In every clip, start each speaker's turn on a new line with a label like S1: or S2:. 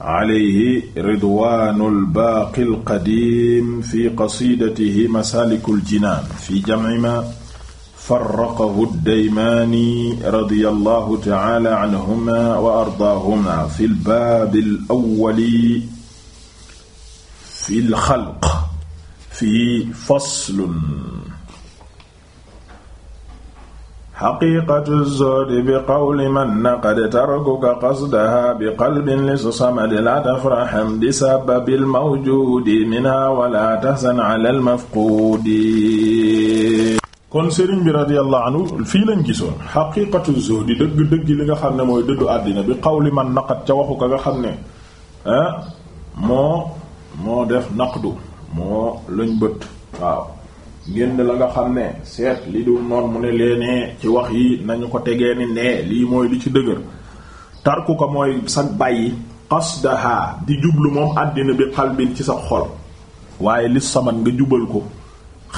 S1: alayhi ridwaanu albaaqi alqadiim fi qasiidatihi masaaliku aljinaan fi jamci ma farraqahu addaymaani radiyallahu taala anhuma wa ardaahuma fi albaabi alawwali fi alxalq fi faslun xaqiiqatu zoodi bi qawli man naqad tarakuka qasdaha bi qalbin li samadi laa tafraxam bi sababil mawjuudi minha wala taxsan ala al mafquudi kon sëriñ bi radiyallahu anhu fii lañ gisoon xaqiiqatu zoodi dëgg-dëgg li nga xam ne mooy dëddu àddina bi qawli man naqad ca waxu ka nga xam ne ah moo moo def naqdu moo lañ bët waaw ngénn la nga xam ne seet li du noon mu ne leenee ci wax yi nañu ko tegee ne nee lii mooy li ci dëgër tarku ko mooy sa bàyyi qasdaha di jublu moom àddina bi xalbin ci sa xol waaye li samat nga jubal ko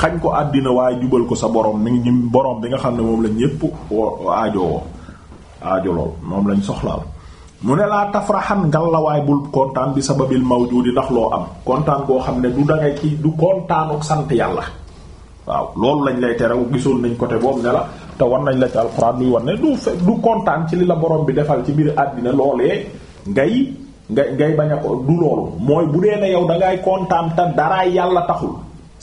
S1: xañ ko àddina waaye jubal ko sa boroom mi ngi borom bi nga xam ne moom lañ ñépp aajo woo aajo lool moom lañ soxlaal mu ne laa tafraxan ngal la waay bul kontaan bi sababil mawjudi ndax loo am kontaan koo xam ne du dangay ci du kontaanuk sant yàlla waaw loolu lañ lay tere gisoon nañ côté boobu ne la te war nañ la ci alxuraan luy war ne du fe du kontaan ci li la borom bi defal ci biir àddina loolee ngay ngay ngay bañ a ko du loolu mooy bu dee ne yow da ngay kontaan te dara yàlla taxul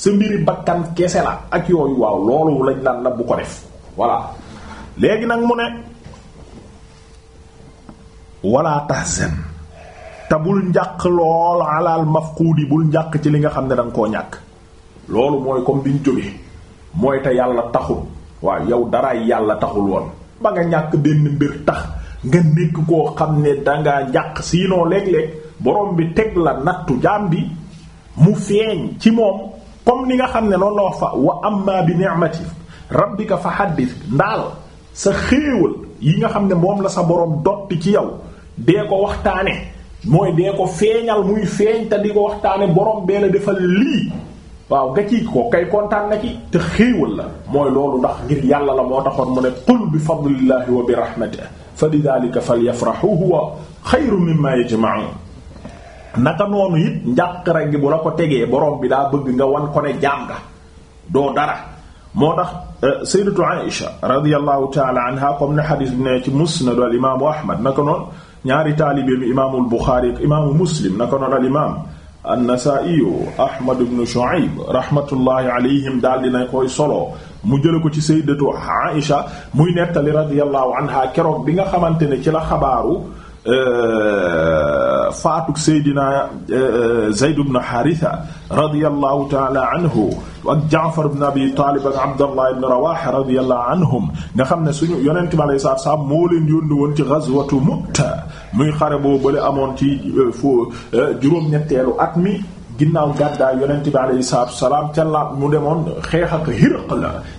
S1: sa mbiri bakkan kese la ak yooyu waaw loolu lañ lan la bu ko def voilà léegi nag mu ne wala tahzan te bul njàq lool alal mafquudi bul njàq ci li nga xam ne danga koo ñàkk loolu mooy comme bi ñu mooy te yàlla taxul waaw yow daraay yàlla taxul woon ba nga ñàkk benn mbir tax nga nekk koo xam ne dangaa jàq sinon léeg-léeg borom bi teg la nattu jaam bi mu feeñ ci moom comme ni nga xam ne loolu wax fa wa amma bi ni'mati rabbika fa haddith ndaal sa xéewal yi nga xam ne moom la sa borom dotti ci yow dee ko waxtaane mooy dee ko feeñal muy feeñ te di ko waxtaane borom bee la defal lii waaw nga ci ko kay kontaan na ci te xéewal la mooy loolu ndax ngir yàlla la moo taxoon mu ne qul bi fadlillahi wa bi rahmatihi fa lidhalika falyafrahu huwa xayru mimma yajma'un naka noonu it njàqare gi bu la ko tegee borom bi daa bëgg nga wan ko ne jaam nga doo dara moo tax euh, sayyidatu Aisha radiyallahu ta'ala anha comme ne xadis bi ne ci musnad al imaamu Ahmad naka noonu ñaari taalibeem imaamu al Bukhari ak imaamu Muslim naka noonu al imaam annasaiyu ahmad ibn shuaib rahmatullahi alayhim daal dina koy solo mu jële ko ci sayyidatu aisha muy nettali radiyallahu anha keroog bi nga xamante ne ci la xabaaru euh, faatuk saydina euh, zayd ibn haritha radiyallahu taala anhu ak Jaafar ibn Abi Taalib ak Abdallah ibn Rawaaha radiyallahu anhum nga xam ne suñu yonent bi alayhi salaatu salaam moo leen yónni woon ci ghazwatu Mu'ta muy xare boo bële amoon ci euh, fo euh, juróom-ñetteelu at mi ginnaaw gàddaay yonent bi alayhi salaatu salaam ca la mu demoon xeex ak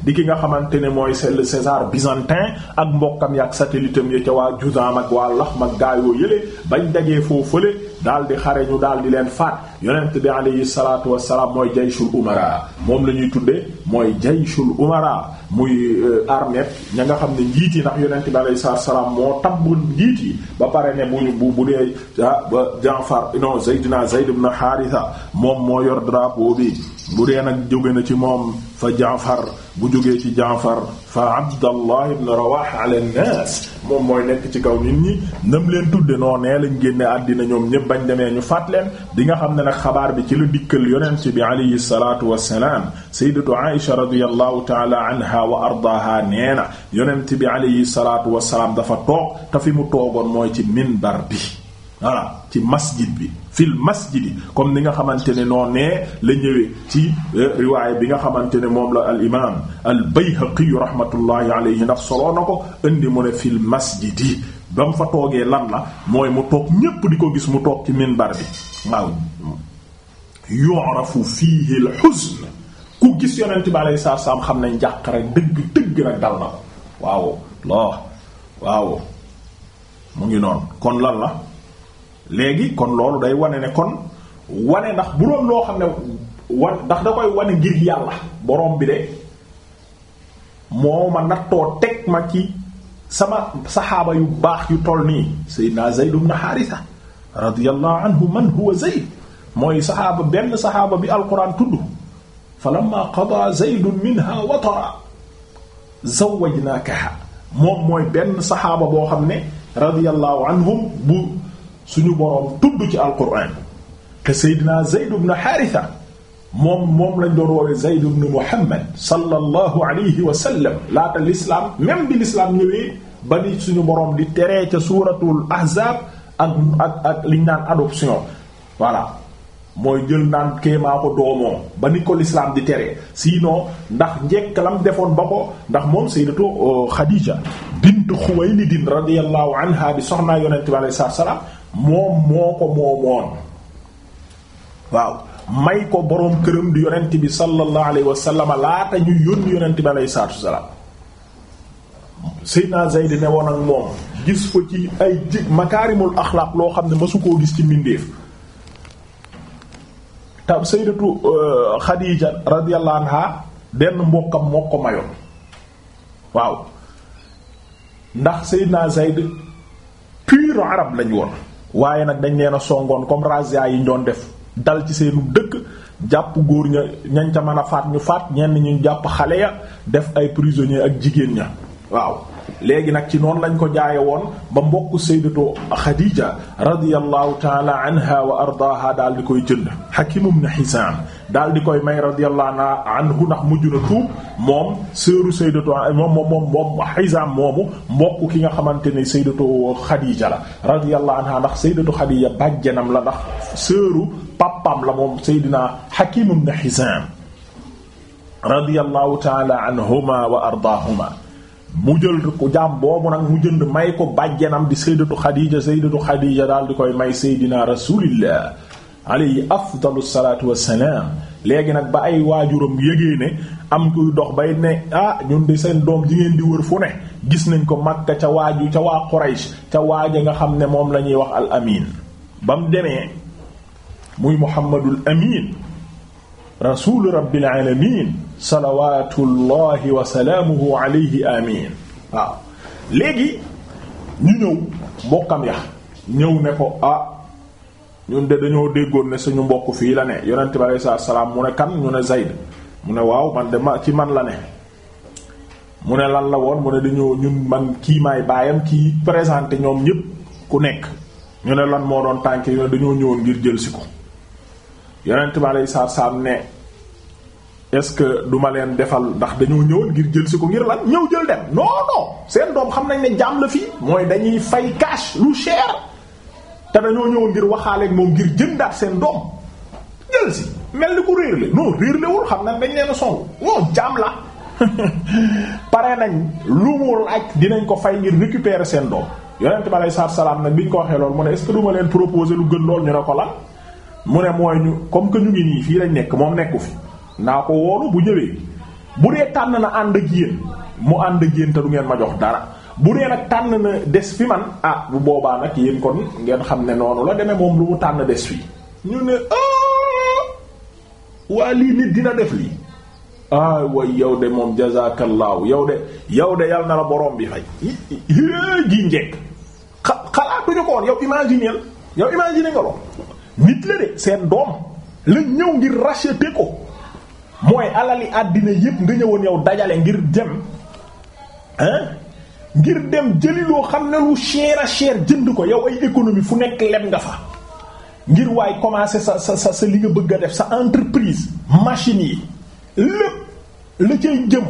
S1: di ki nga xamante ne mooy c'est le César byzantin ak mbokkam yaak satellite am ca waa Juzaam mag waa Laxm ak gaayoo yële bañ dajee foofu daal di xare ñu daal di leen faat yonent bi alayhi salaatu wassalaam mooy jayshul umara moom la ñuy tuddee mooy jayshul umara muy euh, armée ña nga xam ne njiit yi ndax yonent bi alayhi salaatu moo tabb njiit yi ba pare ne bu ñu bu bu dee ah, ba Jaafar non Seydina Zayd ibn Haritha moom moo yor drapo bi bu dee nag jóge na ci moom fa jaafar bu jógee ci jaafar fa abdallah ibn rawaha ala nnaas moom mooy nekk ci kaw nit ñi nam leen tudde noo nee lañ génne àddina ñoom ñépp bañ demee ñu faat leen di nga xam ne nag xabaar bi ci la dikkal yonent bi alayhi salaatu wassalaam sayyidatu aisha radiyallahu taala anha wa ardaaha nee na yonent bi alayhi salaatu salaam dafa toog te fi mu toogoon mooy ci minbar bi voilà ci masjid bi fil masjidi comme ni nga xamante ne noo nee la ñëwee ci euh, riwaaya bi nga xamante ne moom la al imam al bayhaqi rahmatullahi ndax soloo na ko indi mu ne fil masjidi ba mu fa toogee lan la mooy mu toog ñépp di ko gis mu toog ci minbar bi waaw yu'rafu fiihi al huzn ku gis yonent bi alayhi salaatu salaam xam nañ jàqare dëgg dëgg nag dal na ko waaw loo waaw mu ngi noonu kon lan la léegi kon loolu day wane ne kon wane ndax bu doon loo xam ne wan ndax da koy wane ngir yàlla borom bi de moo ma nattoo teg ma ci sama saxaaba yu baax yu toll nii sayyidina Zayd ibn Haarisa radiyallahu anhu man huwa Zayd mooy saxaaba benn saxaaba bi alquran tudd falamma qada zaydun minha watara zawwajnaakaha moom mooy benn saxaaba boo xam ne radiyallahu anhum bu suñu boroom tudd ci alquran te Seydina Zayd ibn Haritha moom moom lañ doon woowee Zayd ibn Muhammad sallallahu alayhi wa laata l'islam même bi l'islam ñëwee ba ni suñu boroom di teree ca suuratul ahzaab ak ak ak liñ naan adoption voilà mooy jël naan kéemaa ko doomoo ba ni ko lislaam di tere sinon ndax njekk lam defoon ba ko ndax moom sayyidatu euh, Khadija bint Khuwaylid radiyallahu anha bi soxnaa yonente bi alayhi salaam moom moo ko moomoon waaw may ko boroom këram di yonent bi sallallahu alayhi wa sallam laata ñu yónni yonent bi alayhi salaatu wasalaam Seydina ne woon ak moom gis ko ci ay jig makaarimul axlaaq loo xam ne masu koo gis ci mbindeef ta Sayyidatu Xadiija euh, radiyallahu anha benn mbokkam moo ko mayoon waaw ndax Seydina Zayd pur arab lañ woon waaye nag dañ leen a songoon comme razzia yi ñu doon def dal ci seenu dëkk jàpp góor ña ñañ ca mën a faat ñu faat ñenn ñu jàpp xale ya def ay prisonniers ak jigéen ña waaw léegi nag ci noonu lañ ko jaaye woon ba mbokk sayyidatu Khadija radiyallahu taala wa ardaaha daal di koy jënd Hakim ibn Hizam daal di koy may radiyallahu anhu ndax mujj na moom seeru sayyidatu moom moom ki nga xamante ne sayyidatu Khadija la radiyallahu la ndax seeru la moom Seydina Hakim ibn wa ardaahuma mu jël ko jaam boobu nag mu jënd may ko bàjjanam di sayyidatu Xadiija sayyidatu Xadiija daal di koy may seydina rasulillah alayhi afdalu salaatu wa wassalaam léegi nag ba ay waajuram yégee ne am kuy dox bay ne ah ñun di seen doom ji ngeen di wër fu ne gis nañ ko Makka ca waaju ca waa Quraysh ca waaja nga xam ne moom lañuy wax al amin ba mu demee muy Muhammadul amin rasulu rabbil alamin salawaatullahi wa salaamuhu alayhi amiin waaw léegi ñu ñëw mbokkam ya ñëw ne ko ah ñun de dañoo déggoon ne suñu mbokk fii la ne yonent bi alayhi salaam mu ne kan mu ne Zayd mu ne waaw man de ma ci man la ne mu ne lan la woon mu ne dañoo ñun man kii maay baayam kii présenté ñoom ñépp ku nekk ñu ne lan moo doon tànk yi ne dañoo ñëwoon ngir jël si ko yonent bi alayhi salaatu ne est-ce que du leen defal ndax dañoo ñëwoon ngir jël si ko ngir lan ñëw jël dem non seen doom xam nañ ne jaam la fii mooy dañuy fay kaas lu cher te dañoo ñëwoon ngir waxaaleeg moom ngir jëndaat seen doom jël si mel ni ku réerle non réerlewul xam nañ dañ leen a song non jaam la pare nañ lu mu laaj dinañ ko fay ngir récupérer seen doom yonent bi aleyhi salaam nag bi ñu ko waxee loolu mu ne est-ce ma leen proposer lu gën lool ñu ne ko lan mu ñu comme que ñu ngi fii lañ nekk moom nekku fi. naa ko woolu bu ñëwee bu dee tànn na ànd ak yéen mu ànd ak yéen te du ngeen ma jox dara bu dee nag tànn na des fi man a ah, bu boobaa nag yéen kon ngeen xam ne noonu la demee moom lu mu tànn des fii ñu ne ah, waa lii nit dina def lii ah way yow de moom jazaakallaahu yow de yow de yal na la borom bi fay ji njekk xa xalaatuñu ko woon yow imaginer yow imaginer nga lool nit la de seen doom la ñëw ngir racheter ko mooy alali àddina yépp nga ñëwoon yow dajale ngir dem hein ngir dem jëli loo xam ne lu cher à cher jënd ko yow ay économie fu nekk lem nga fa ngir waaye commencer sa sa sa li nga bëgg a def sa entreprise machine yi lépp la cay jëm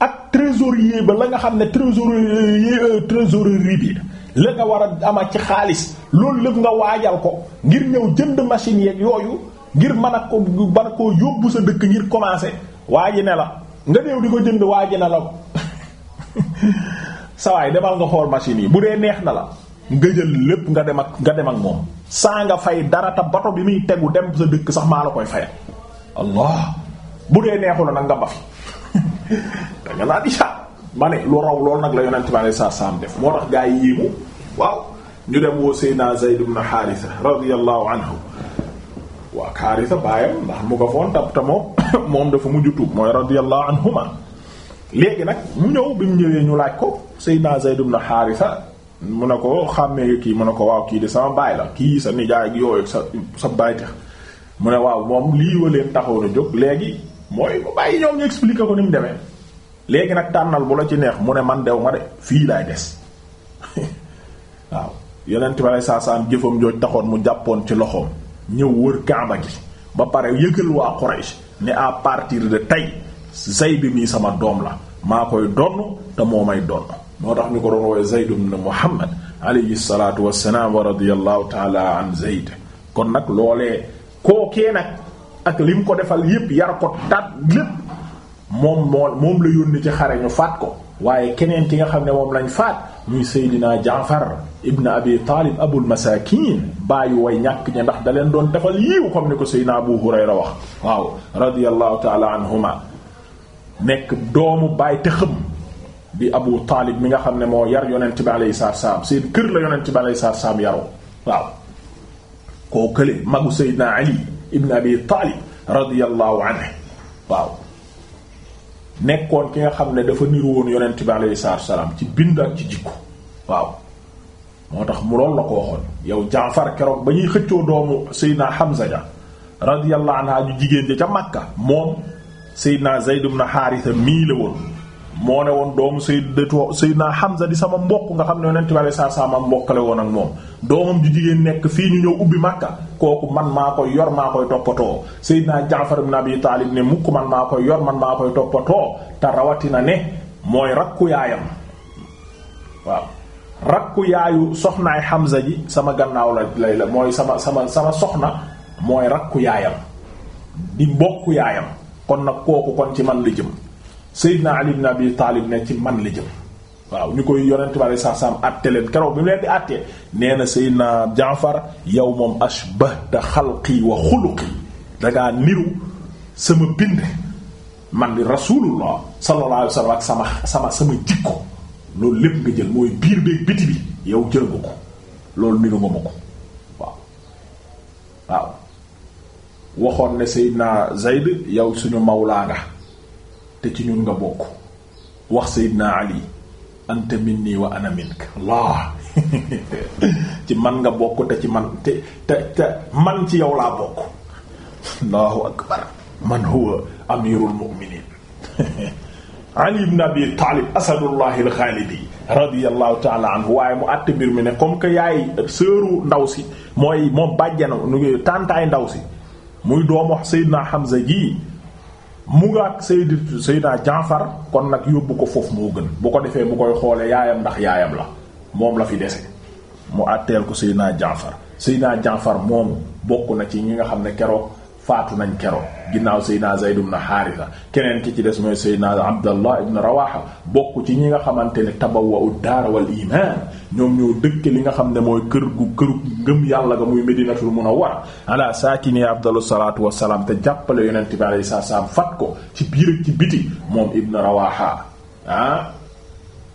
S1: ak trésorier ba la nga xam ne trésorier euh, trésorier bi la nga war a ama ci xaalis loolu lépp nga waajal ko ngir ñëw jënd machine yeeg yooyu ngir man a ko mën a koo yóbbu sa dëkk ngir commencer waa ji ne la nga néew di ko jënd waa ji ne la ko sawaay demal nga xool machine yi bu dee neex na la nga jël lépp nga dem ak nga dem ak moom saa nga fay dara te bato bi muy tegu dem sa dëkk sax maa la koy fayal allah bu dee neexu la nag nga bafi danga naan isha ma ne lu raw loolu nag la yonent bi alayhi salaam def moo tax gaa yi yéemu waaw ñu dem woo Seydina Zayd ibn Haarisa radiyallahu anhu waaw Xaarisa baayam ndax mu ko foon tab moom dafa mujj tuub mooy radiyallahu anhuma léegi nag mu ñëw bi mu ñëwee ñu laaj ko Seydina Zayd ibn Xaarisa mu ne ko xàmmee kii mu ne ko waaw kii de sama baay la kii sa nijaay ak yooyu sa sa tax mu ne waaw moom lii wa leen taxoon a jóg léegi mooy mu bàyyi ñoom ñu expliquer ko ni mu demee léegi nag tànnal bu la ci neex mu ne man dew ma de fii laay des waaw yeneen tubaab yi saa saa jëfam jooj taxoon mu jàppoon ci loxoom. ñëw wër kàmba gi ba pare yëgal waa Quraysh ne à partir de tey Zayd mii sama doom la maa koy donn te moom ay donn moo tax ñu ko doon woowe Zayd ibn Muhammad alayhi salatu wassalaam wa radiyallahu taala an Zayd kon nag loolee kookee nag ak li ko defal yépp yar ko tat lépp moom moo moom la yónni ci ñu faat ko waaye keneen ki nga xam ne moom lañ faat muy Seydina Jaafar ibn abi taalib abul masaakin bàyyi way ñàkk ndax da doon defal yiiw comme ni abu hurayra wax waaw radiyallahu taala anhuma nekk doomu baay te xëm di abu taalib mi nga xam ne moo yar yonent bi alayhi salaatu salaam seen kër la yonent bi alayhi salaatu salaam yaroo waaw koo kële magu seydna ali ibn abi taalib radiyallahu anhu waaw nekkoon ki nga xam ne dafa niru woon yonent bi alayhi salaatu ci bind ak ci jikko waaw moo tax mu lool na koo waxoon yow Jaafar keroog ba ñuy xëccoo doomu Seydina Hamza ja radiyallahu anha ju jigéen ja ca Makka moom Seydina Zayd ibn Haarisa mii la woon moo ne woon doomu Seydina Seydina Hamza di sama mbokk nga xam ne yonent bi saa saa ma mbokkale woon ak moom doomam ju jigéen nekk fii ñu ñëw ubbi Makka kooku man maa koy yor maa koy toppatoo Seydina Jaafar ibn Abi Taalib ne mukk man maa koy yor man maa koy toppatoo te rawatina ne mooy rakku yaayam waaw rakku yaayu soxnaay Hamza ji sama gannaaw la lay la mooy sama sama sama soxna mooy rakku yaayam di mbokku yaayam kon nag kooku kon ci man la jëm Seydina Ali ibn Abi Taalib ne ci man la jëm waaw ñu koy yonent bi saa saam àtte leen keroog bi mu leen di àttee nee na Seydina Jaafar yow moom ashbahta xalqi wa xuluqi dangaa niru sama bind man di rasulullah sallallahu alayhi sama sama sama jikko loolu lépp nga jël mooy biir beeg biti bi yow jël nga ko loolu mi nga ma waaw waxoon ne Seydina Zayd yow suñu mawlaa nga te ci ñun nga bokk wax naa Ali anta minni wa ana minka Allah ci man nga bokk te ci man te te man ci yow laa bokk Allahu akbar man huwa amirul mu'minin Ali ibn Abi Talib asadullah al-Ghalibi waaye mu àtt mbir mi ne comme que yaay seeru ndaw si mooy moom bàjjana nu ngi tàntaay ndaw si muy doom wax Seydina Hamza ji mu nga ak Seydina Seydina Jaafar kon nag yóbbu ko foofu moo gën bu ko defee bu koy xoolee yaayam ndax yaayam la moom la fi dese mu àtteel ko Seydina Jaafar Seydina jànfar moomu bokk na ci ñi nga xam ne keroog. faatu nañ keroog ginnaaw Seydina Zayd ibn Haarisa keneen ki ci des mooy Seydina Abdallah ibn Rawaha bokk ci ñi nga xamante ne tabawwa'u daara wal iman ñoom ñoo dëkk li nga xam ne mooy kër gu këru ngëm yàlla ga muy Medinatul Munawwara ala saakini afdalu salaatu wassalaam te jàppale yonent bi alayhi salaam fat ko ci biir ci biti moom ibn Rawaha ah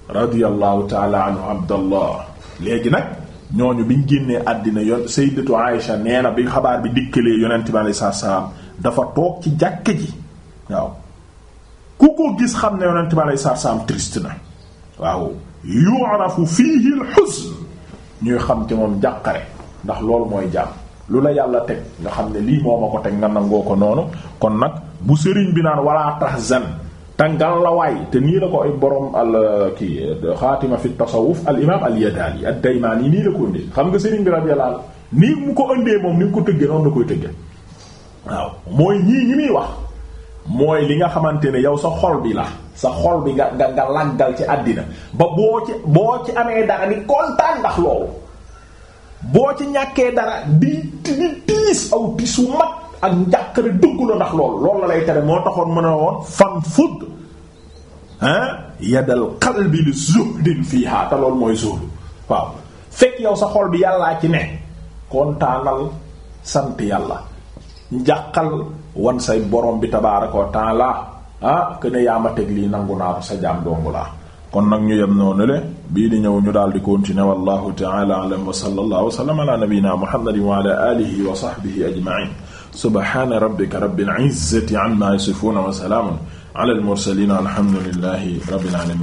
S1: radiyallahu anhu Abdallah léegi nag ñooñu biñ génnee àddina yo sayyidatu Aïsha nee na bi xabaar bi dikkalee yonent bi alayhi salaam dafa toog ci jàkka ji waaw ku ko gis xam ne yonent bi alayhi salaam triste na waaw yu'rafu fiihi al-huzn ñuy xam ci moom njàqare ndax loolu mooy jàmm lu la yàlla teg nga xam ne lii moo ma ko teg nga nangoo ko noonu kon nag bu sëriñ bi naan wala tahzan tàngal la waay te nii la ko ay borom al euh, kii xaatima fi tasawuf al imam al yadaali ad daymaan yi nii la ko ëndee xam nga sëriñ bi radiyallahu nii mu ko ëndee moom ni mu ko tëggee noonu la koy tëggee waaw mooy ñii ñi muy wax mooy li nga xamante ne yow sa xol bi la sa xol bi nga nga nga laggal ci àddina ba boo ci boo ci amee dara ni kontaan ndax loolu boo ci ñàkkee dara di tiis aw tiis wu mag ak njàqare dugg la ndax loolu loolu la lay tere moo taxoon mën a woon fan fudd ah yadal qalbi li zuhdin fii te mooy zuhd waaw fekk yow sa xool bi yàllaa ci ne kontaanal sant yàlla njàqal wan say borom bi tabaaraka wa taala ah que ne yaa ma teg lii nangu naa ko sa jaam dongu laa kon nag ñu yem noonu le bii di ñëw ñu daal di continuer wallahu ta'ala a'lam wa sallallahu wa sallama ala nabiyyina muhammadin wa ala alihi wa sahbihi ajma'in subhaana rabbika rabbil izzati amma yasifun wa salaamun ala al mursalin alhamdulillahi rabbil alamin